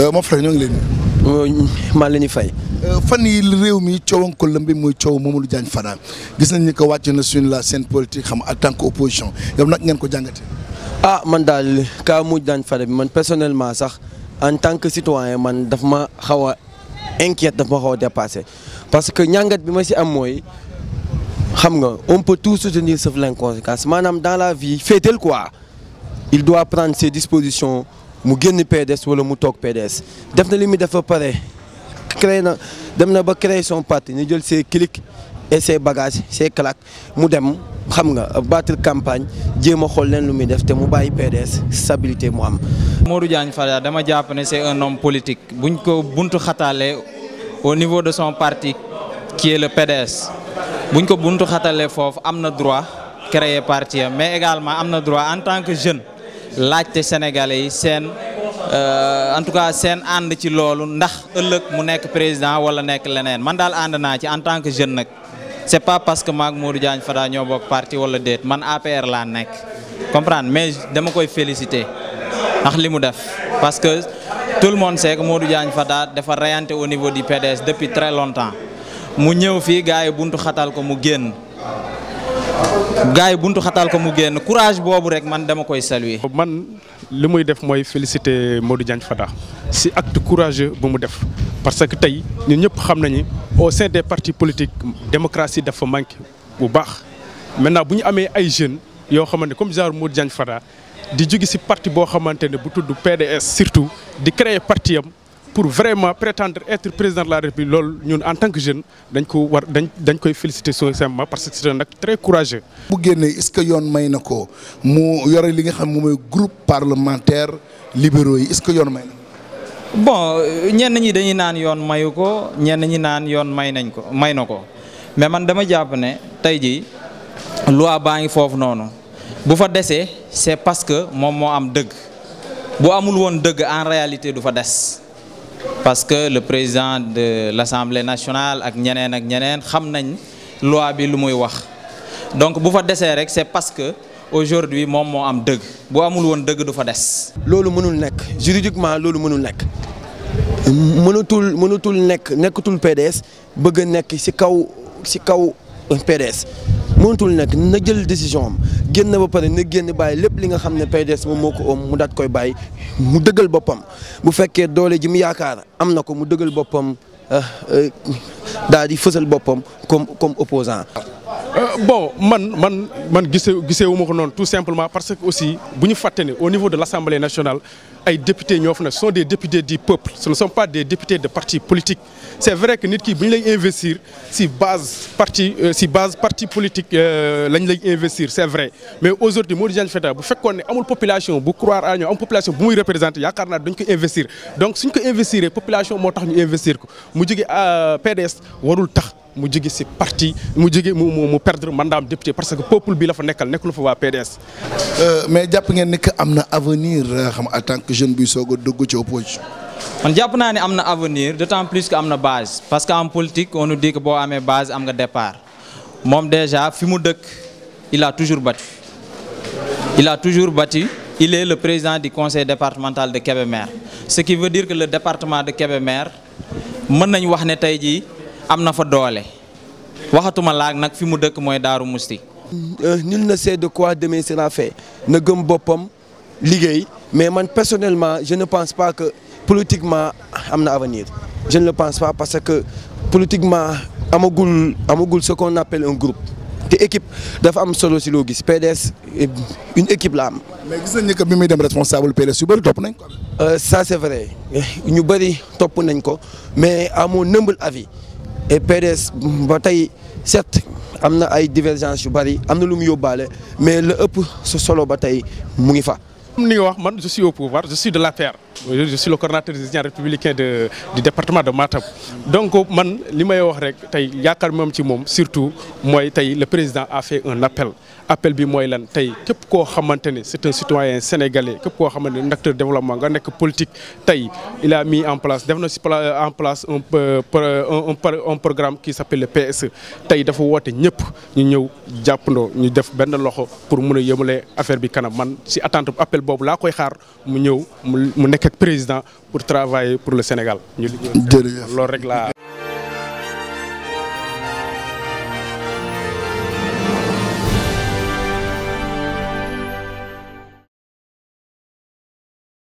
Euh, mon frère ñoo ngi leen maa leen fay. Euh, fan yi réew mi coowam la lëmbi muy coow Mamadou Diagne Fada gis nañ ni ko wàcc na suñu la scène politique xam en tant que opposition yow nag ngeen ko jàngate ah man daal ka Mamadou Diagne Fada bi man personnellement sax en tant que sitoyen man dafa ma xaw a inquiète daf ma xaw a parce que ñàngat bi ma si am mooy xam nga on peut tout soutenir sauf l'inconséquence maanaam dans la vie féetal koi il doit prendre ses dispositions. mu génn PDS wala mu toog PDS def na li mu def ba pare créé na dem na ba créer son parti ñu jël see clics et ses bagages ses claques mu dem xam nga battre campagne jéem a xool leen lu muy def te mu bàyyi PDS stabilité mu am. Modou Diagne Fada dama jàpp ne c'est un homme politique buñ ko buntu xataalee au niveau de son parti qui le PDS buñ ko buntu xataalee foofu am na droit créer parti mais également am na droit en tant que jeune. laajte sénégalais yi seen euh, en tout cas seen ànd ci loolu ndax ëllëg mu nekk président wala nekk leneen man daal ànd naa ci en tant que jeune nag c'est pas parce que maag Modou Diagne Fada ñoo bokk parti wala déet man APR laa nekk comprendre mais dama koy féliciter ndax li mu def parce que tout le monde seek que Modou Diagne Fada dafa rayante au niveau du PDS depuis très longtemps mu ñëw fii gars yi buntu xatal ko mu génn gars yi buntu xatal ko mu génn courage boobu rek man dama koy saluer. man li muy def mooy félicité Modou Diagne Fada si acte courageux bu mu def parce que tey ñun ñëpp xam nañu au sein des politique politiques démocratie dafa manqué bu baax maintenant bu ñu amee ay jeunes yoo xamante comme genre Modou Diagne Fada di jóge si parti boo xamante ne bu tudd PDS surtout di créer parti yam pour vraiment prétendre être président de la République lool ñun en tant que jeune dañ ko war dañ dañ koy féliciter sincèrement parce que c'est un acte très courageux. bu génnee est que yoon may na ko mu yore li nga xam moom mooy groupe parlementaire libéraux yi est-ce que yoon may na bon euh, ñenn ñi dañuy naan yoon mayu ko ñenn ñi naan yoon may nañ ko may na ko mais man dama jàpp ne tey jii loi baa ngi foofu noonu bu fa desee c'est parce que moom moo am dëgg bu amul woon dëgg en réalité du fa des. parce que le président de l'Assemblée nationale ak ñeneen ak ñeneen xam nañ loi bi lu muy wax donc bu fa desee rek c'est parce que aujourd'hui moom moo am dëgg bu amul woon dëgg du fa des. loolu mënul nekk juridiquement loolu mënul nekk mënatul mënatul nekk nekkatul PDS bëgg a nekk ci kaw ci kaw PDS. mënatul nekk na jël décision am génn ba pare na génn bàyyi lépp li nga xam ne PDS moom moo ko oom mu daat koy bàyyi mu dëggal boppam bu fekkee doole ji mu yaakaar am na ko mu dëggal boppam euh, euh, daal di fësal boppam comme comme opposant Euh, bon man man man gisee gisee wu ma noonu tout simplement parce que aussi bu ñu fàtte ne au niveau de l' assemblée nationale ay députés ñoo fa ne sont des députés du peuple ce ne sont pas des députés de parti politique. c' vrai que nit ki bu ñu lay investir si base parti euh, si base parti politique euh, lañu lay investir c' est vrai mais aujourd'hui moo di Modou Diagne Fada bu fekkoon ne amul population bu croire à amul population bu muy représenté yaakaar naa dañ ko investir donc suñ ko investir population moo tax ñu investir ko mu jóge PDS warul tax. mu jóge si parti mu jóge mu perdre mandaam député parce que peuple bi fa nekkal nekkul fa waa PDS. Euh, mais jàpp ngeen ni que am na avenir euh, xam en tant que jeune bi soog a dugg ci opposition. man jàpp naa ne am na avenir d'autant plus que am na base parce que en politique on nous dit que boo amee base am nga départ moom déjà fi mu dëkk il a toujours battu il a toujours battu il est le président du conseil départemental de Kébémer ce qui veut dire que le département de Kébémer am na fa doole waxatuma laag nag fi mu dëkk mooy Daaru Musti euh, nul ne sait de quoi demain sera fait na gëm boppam liggéey mais man personnellement je ne pense pas que politiquement am na avenir je ne le pense pas parce que politiquement amagul amagul ce qu'on appelle un groupe te équipe dafa am solo si loo gis PDS une équipe la am. mais gis na que bi muy dem responsable PDS yu bëri topp nañ ko. Euh, ça c'est vrai ñu bëri topp nañ ko mais à mon humble avis. et PDS ba tey certes am na ay divergence yu bëri am na lu mu yóbbaale mais la ëpp su solo ba tey mu ngi fa. comme ni wax man je suis au pouvoir je suis de l'APR je suis le coordonnateur des étudiants républicains du département de Matam donc man li may wax rek tey yaakaar moom ci moom surtout mooy tey le président a fait un appel. appel bi mooy lan tey képp koo xamante ne c'est un citoyen sénégalais képp koo xamante ne acteur développement nga nekk politique tey il a mis en place def na si en place un euh, un programme qui s'appelle PSE e. tey dafa woote ñëpp ñu ñëw jàppandoo ñu def benn loxo pour mun a yëmale affaire bi kanam man si attente appel boobu laa koy xaar mu ñëw mu nekk ak président pour travailler pour le Sénégal. ñu liggéey loolu rek laa.